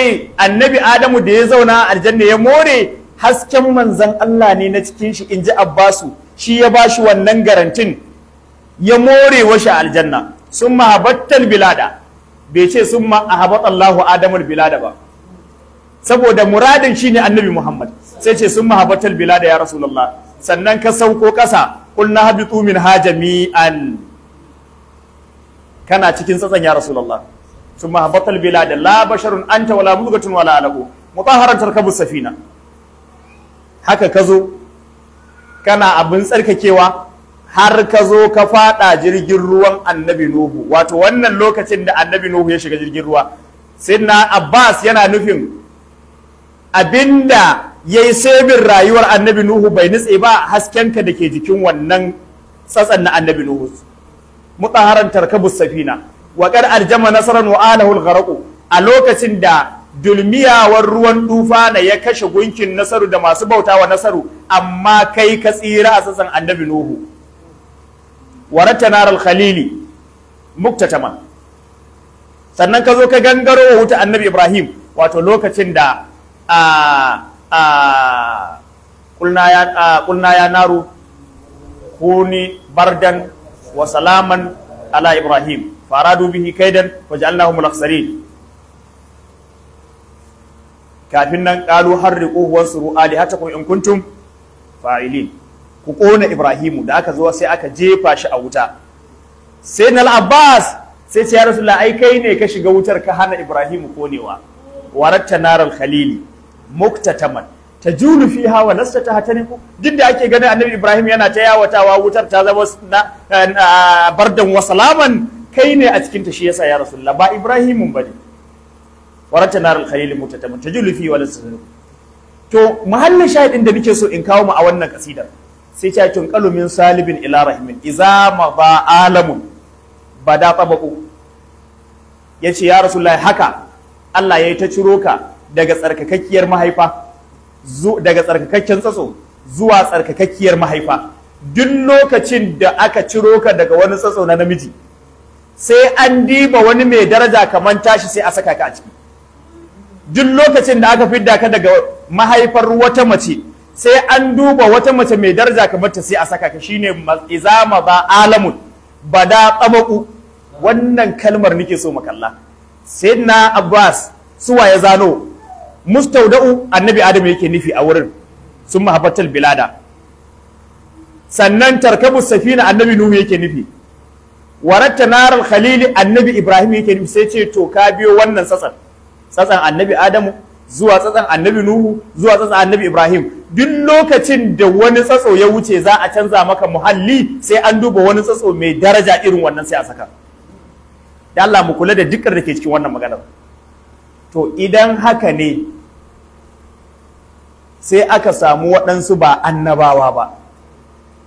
annabi adamu da ya zauna aljanna ya more hasken manzan Allah ne na cikin shi inji abbasu shi ya bashi wannan garantin ya more washe aljanna sun mahabattal bilada bai ce sun mahabat adamul bilada ba saboda muradin shine annabi Muhammad sai ce sun mahabattal bilada ya rasulullah sannan ka sauko kasa kulna habitu min an kana cikin tsatsan ya rasulullah thumma habatal bilad la an ta wala mulgatun wala alaqu mutahharan tarkabu safina haka ka kazo kana abin tsarkakewa har ka zo ka fada jirgin ruwan annabi nuhu wato wannan lokacin da annabi nuhu ya shiga jirgin ruwa na abbas yana nufin abinda ya yi sabin rayuwar annabi nuhu bai nutse ba haskenka da ke jikin wannan tsatsan na annabi nuhu mutaharan tarkabu safina wa kar aljama nasran wa alahul gharqu a lokacin da dulmiyawar ruwan dufa na ya kashe gunkin nasaru da masu bauta wa nasaru amma kai ka tsira a sasan annabi nuhu warata naral khalili muktatama sannan ka zo ka gangaro wuta annabi ibrahim wato lokacin da a a kulna ya naru kuni bardan wa salaman ala Ibrahim faradu bihi kaidan faj'alnahum al-akhsarin kafin nan qalu harriquhu wansuru kuma in kuntum fa'ilin ku ƙona Ibrahimu da aka zo sai aka jefa shi a wuta sai na Abbas sai ce ya Rasulullah ai kai ne ka shiga wutar ka hana Ibrahimu konewa waratta naral khalili muktataman ta julu fi hawa lasta ta hatariku duk da ake ganin annabi ibrahim yana ta yawatawa wutar ta zama bardan wa salaman kai ne a cikin ta shi yasa ya rasulullah ba ibrahimun ne warata nar al ta mutatamin julu fi wa lasta to mahallin shahidin da nake so in kawo mu a wannan kasidar sai ta tun qalumin salibin ila rahimin iza ma ba alamun Ba bada ko? yace ya rasulullah haka Allah ya yi ta ciro ka daga tsarkakakkiyar mahaifa daga tsarkakakken tsatso zuwa tsarkakakkiyar mahaifa duk lokacin da aka ciro ka daga wani tsatso na namiji sai an diba wani mai daraja kamar tashi sai a saka ka a ciki duk lokacin da aka fidda ka daga mahaifar wata mace sai an duba wata mace mai daraja kamar ta sai a saka ka shine izama ba alamun bada tsabaku wannan kalmar nake so makalla sayyidina abbas suwa ya zano mustauda'u annabi adam yake nufi a wurin sun mahabatal bilada sannan tarkabu safina annabi nuhu yake nufi waratta narar khalili annabi ibrahim yake nufi sai ce to ka biyo wannan tsatsan tsatsan annabi adamu zuwa tsatsan annabi nuhu zuwa tsatsan annabi ibrahim duk lokacin da wani tsatso ya wuce za a canza maka muhalli sai an duba wani tsatso mai daraja irin wannan sai a saka da Allah mu kula da dukkan da ke cikin wannan maganar to idan haka ne sai aka samu waɗansu ba annabawa ba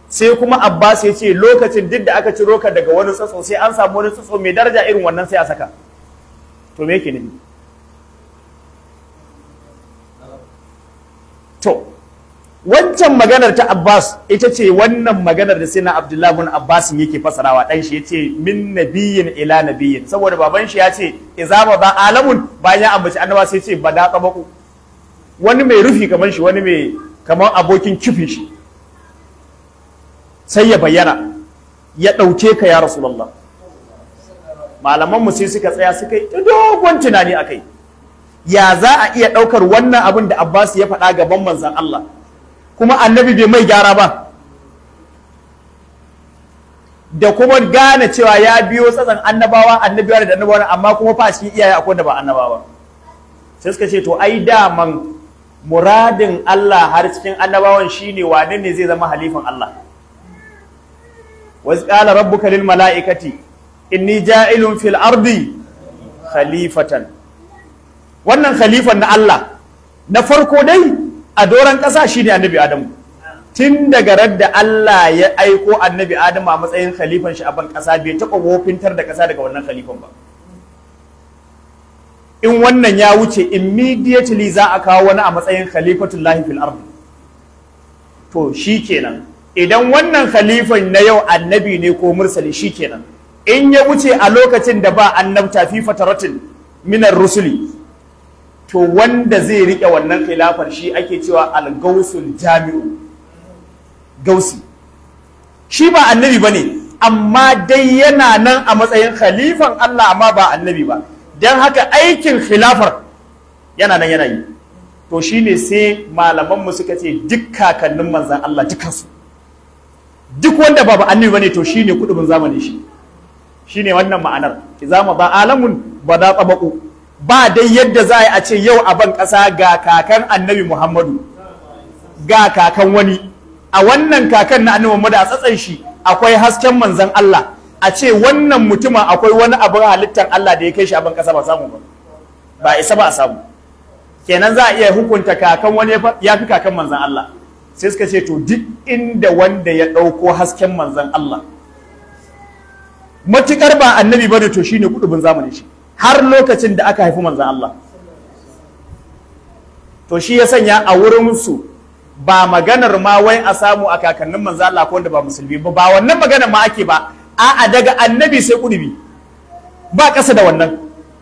sai kuma abbas ya ce lokacin duk da aka ciro ka daga wani tsatso sai an samu wani tsatso mai daraja irin wannan sai a saka to me yake nufi to wancan maganar ta Abbas ita ce wannan maganar da sai na bin Abbas yake fasarawa dan shi yace min nabiyyin ila nabiyyin saboda baban shi ya ce izama ba alamun bayan ya ambaci annaba sai ba da ku. wani mai rufi kamar shi wani mai kamar abokin kifi shi sai ya bayyana ya ɗauke ka ya rasulullah malaman mu sai suka tsaya suka yi dogon tunani a kai. ya za a iya ɗaukar wannan abin da Abbas ya faɗa gaban manzan Allah kuma annabi bai mai gyara ba da kuma gane cewa ya biyo tsatsan annabawa annabawa da annabawa amma kuma fa cikin iyaye akwai da ba annabawa sai suka ce to ai daman muradin Allah har cikin annabawan shine wane ne zai zama halifan Allah wasu ƙala rabbuka lil mala'ikati inni ja'ilun fil ardi khalifatan wannan khalifan na Allah na farko dai a doron ƙasa shine annabi Adamu tun daga radda Allah ya aiko annabi Adamu a matsayin khalifan shi a ban ƙasa bai taɓa wofintar da ƙasa daga wannan khalifan ba in wannan ya wuce immediately za a kawo wani a matsayin khalifatul lahi fil ardi to kenan, idan wannan khalifan na yau annabi ne ko mursali kenan, in ya wuce a lokacin da ba annabta fi fataratin minar rusuli to wanda zai rike wannan khilafar shi ake cewa al-gausul jami'u gausi shi ba annabi bane amma dai yana nan a matsayin khalifan Allah amma ba annabi ba don haka aikin khilafar yana nan yana yi to shi ne sai malamanmu suka ce duk kakannin manzan Allah dukansu duk wanda babu annabi bane to shi ne kudubin zamani shi shi ne wannan ma'anar izama ba alamun ba za tsabaku ba dai yadda za a ce yau a ban ƙasa ga kakan annabi Muhammadu ga kakan wani a wannan kakan na annabi Muhammadu a tsatsan shi akwai hasken manzan Allah a ce wannan mutumin akwai wani abin halittar Allah da ya kai shi abin kasa ba samu ba ba isa ba a samu kenan za a iya hukunta kakan wani ya fi kakan manzan Allah sai suka ce to duk inda wanda ya ɗauko hasken manzan Allah matukar ba annabi ba ne to shine kudubin zamani shi har lokacin da aka haifi manzan Allah to shi ya sanya a wurin su ba maganar ma wai a samu a kakannin manzan Allah ko wanda ba musulmi ba ba wannan maganar ma ake ba a'a daga annabi sai kudubi ba ƙasa da wannan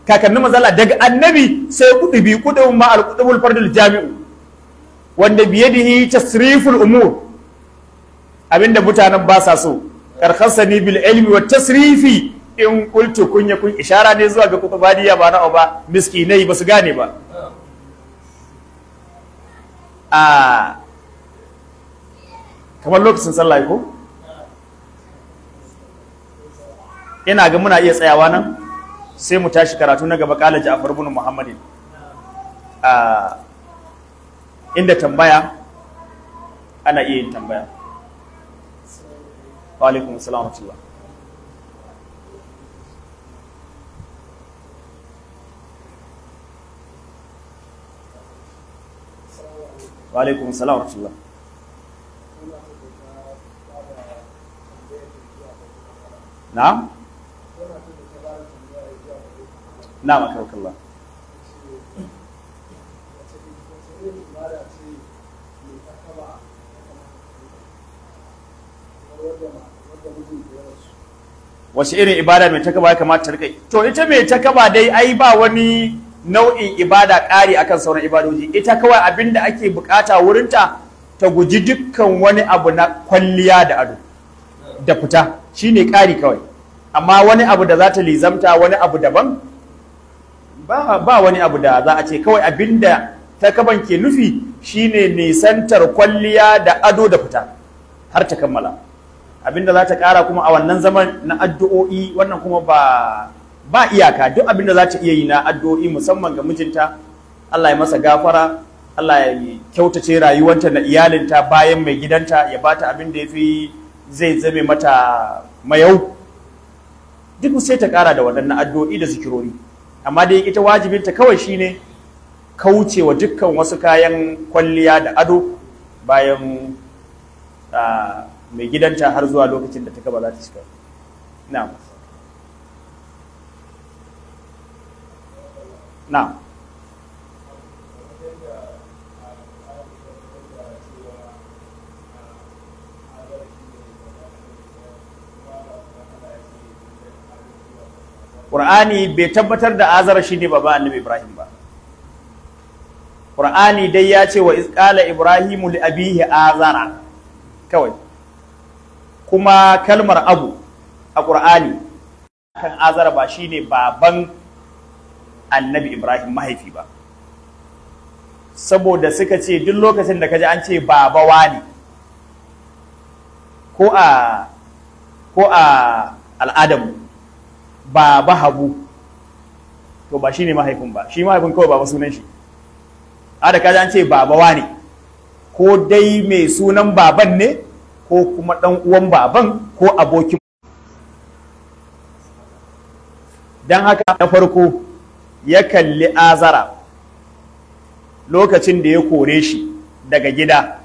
kakannin mazala daga annabi sai kudubi kudubin ma alkudubul fardul jami'u wanda biye da yi tasriful umur abinda mutanen ba sa so ni bil ilmi wa tasrifi in qultu kunya kun ishara ne zuwa ga badiya ba na ba miski miskinai ba su gane ba ah. kamar lokacin sallah ko ina ga muna iya tsayawa nan sai mu tashi karatu na gaba kala Ja'far ibn Muhammadin a inda tambaya ana iya yin tambaya wa alaikum assalam wa wa alaikum assalam na'am na makarkalla wasu irin ibada mai takaba ya kamata ta to ita mai takaba dai ai ba wani nau'in ibada ƙari akan sauran ibadoji ita kawai abin da ake bukata wurinta ta guji dukkan wani abu na kwalliya da ado da fita shine ƙari kawai amma wani abu da za ta lizamta wani abu daban ba wani abu da za a ce kawai abinda takaban ke nufi shine nisantar kwalliya da ado da fita har ta kammala abinda za ta kara kuma a wannan zaman na addu'o'i wannan kuma ba ba iyaka duk abinda za ta iya yi na addu'o'i musamman ga mijinta Allah ya masa gafara Allah ya kyautace rayuwarta na iyalinta bayan mai gidanta ya bata abin da yafi zai zame mata mayau duk sai ta kara da waɗannan addu'o'i da zikirori amma dai ita wajibinta kawai shine wa dukkan wasu kayan kwalliya da ado bayan mai gidanta har zuwa lokacin da ta kaba za ta shiga na'am na'am Qur'ani bai tabbatar da Azara shi ne baba Annabi Ibrahim ba Qur'ani dai ya ce wa isƙala Ibrahimu li abihi Azara kawai kuma kalmar abu a Qur'ani kan Azara ba shi ne baban Annabi Ibrahim mahaifi ba saboda suka ce duk lokacin da ka kaji an ce baba wani ko a ko a al'adamu baba habu to ba shi ne mahaifin ba shi mahaifin kawai baba sunan shi a da kaji ce baba ne, ko dai mai sunan baban ne ko kuma dan uwan baban ko abokin Don haka na farko ya kalli azara lokacin da ya kore shi daga gida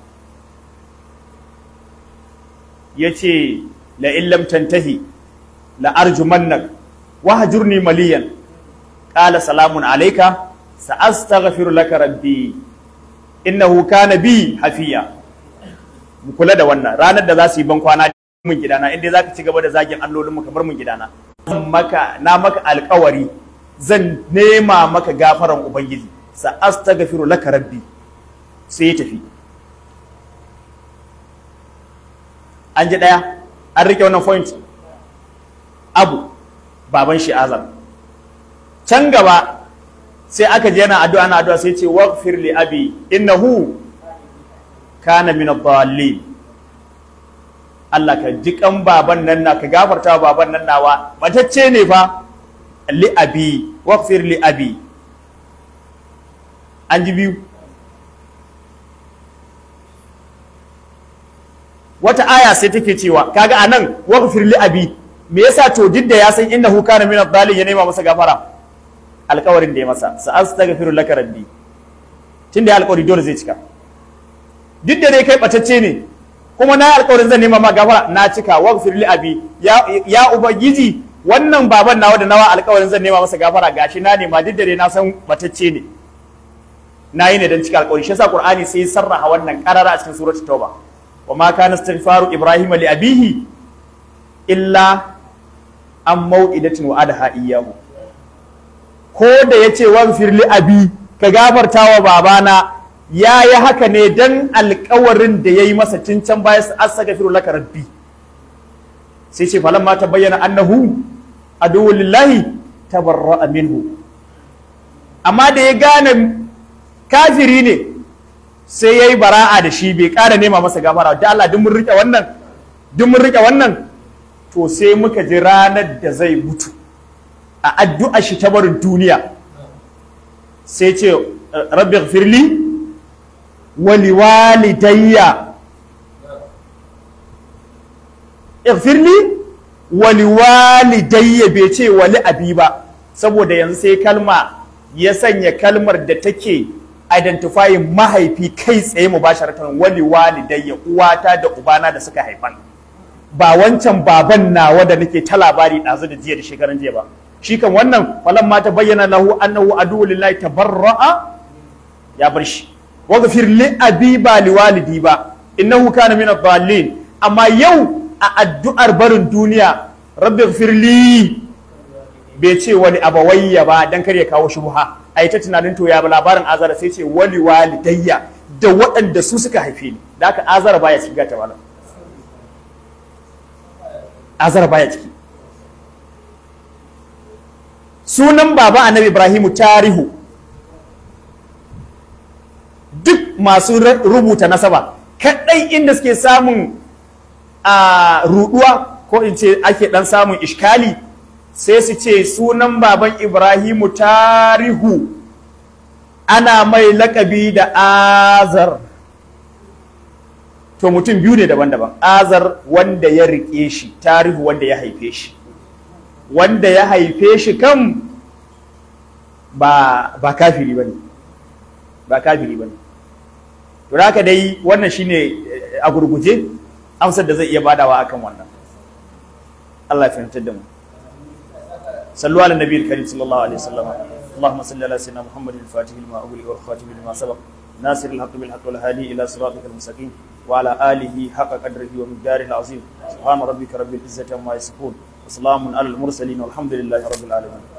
ya ce la'illam tantahi la'arjumannak wahjurni maliyan qala salamun alaika sa'astaghfiru laka rabbi innahu kana bi hafiya mu kula da wannan ranar da za su yi ban kwana mun gidana inda zaka ci gaba da zagin allolin mu kamar mun gidana maka na maka alƙawari zan nema maka gafaran ubangiji sa'astaghfiru laka rabbi sai ya tafi an ji daya an rike wannan point abu baban shi azam can gaba sai aka je yana addu'a na addu'a sai ce waghfir li abi innahu kana min ad-dallin Allah ka ji kan baban nan na ka gafarta baban nan nawa matacce ne fa li abi waghfir li abi an ji biyu wata aya sai take cewa kaga anan waghfir li abi me yasa to duk da ya san hu kana min adh ya nema masa gafara alƙawarin da ya masa sa'astaghfiru laka rabbi tunda ya alƙawari dole zai cika duk da dai kai batacce ne kuma na alƙawarin zan nema ma gafara na cika waghfir li abi ya ya ubangiji wannan baban nawa da nawa alƙawarin zan nema masa gafara gashi na nema duk da dai na san batacce ne na yi ne don cika alƙawari shi yasa qur'ani sai sarraha wannan qarara a cikin suratul tauba wa ma kana istighfaru ibrahima li abihi illa an mau'idatin wa adaha iyahu ko da ya ce wan firli abi ka gafarta wa babana ya yi haka ne dan alƙawarin da ya yi masa cincan bayan su asaka firu laka rabbi sai ce falan ma ta bayyana annahu aduwwu lillahi tabarra'a minhu amma da ya gane kafiri ne sai ya yi bara'a da shi bai ƙara nema masa gafara da Allah duk mun rike wannan duk mun rike wannan to sai muka ji ranar da zai mutu a addu'a shi ta barin duniya sai ce rabbi firli wali walidayya igfirli wali walidayya bai ce wali abi ba saboda yanzu sai kalma ya sanya kalmar da take identifying mahaifi kai tsaye mu basharatan wali walidayya uwata da ubana da suka haifan ba wancan baban nawa da nake ta labari ɗazu da jiya da shekaran jiya ba shi kan wannan falan ma ta bayyana lahu annahu aduwwu lillahi tabarra'a ya bar shi wa ghafir li abi ba li walidi ba innahu kana min ad-dallin amma yau a addu'ar barin duniya rabbi ghafir li bai ce wani abawayya ba dan kar ya kawo shubha ai ta tunanin to ya labarin azara sai ce wali walidayya da waɗanda su suka haife ni da aka azara baya shiga ta wannan azar baya ciki sunan baba annabi ibrahimu tarihu duk masu rubuta nasaba kadai inda suke samun a ruduwa ko in ce ake dan samun iskali sai su ce sunan baban ibrahimu tarihu ana mai lakabi da azar to mutum biyu ne daban-daban azar wanda ya riƙe shi tarihu wanda ya haife shi wanda ya haife shi kan ba ba ne ba kafiri ne to haka dai wannan shine eh, a gurguje amsar da zai iya badawa akan wannan Allah ya fahimtar da mu sallu ala nabiyil karim sallallahu alaihi wasallam اللهم صل على سيدنا محمد الفاتح لما أغلق والخاتم لما سبق ناصر الحق بالحق والهادي إلى صراطك المستقيم وعلى آله حق قدره ومقداره العظيم سبحان ربك رب العزة عما يصفون وسلام على المرسلين والحمد لله رب العالمين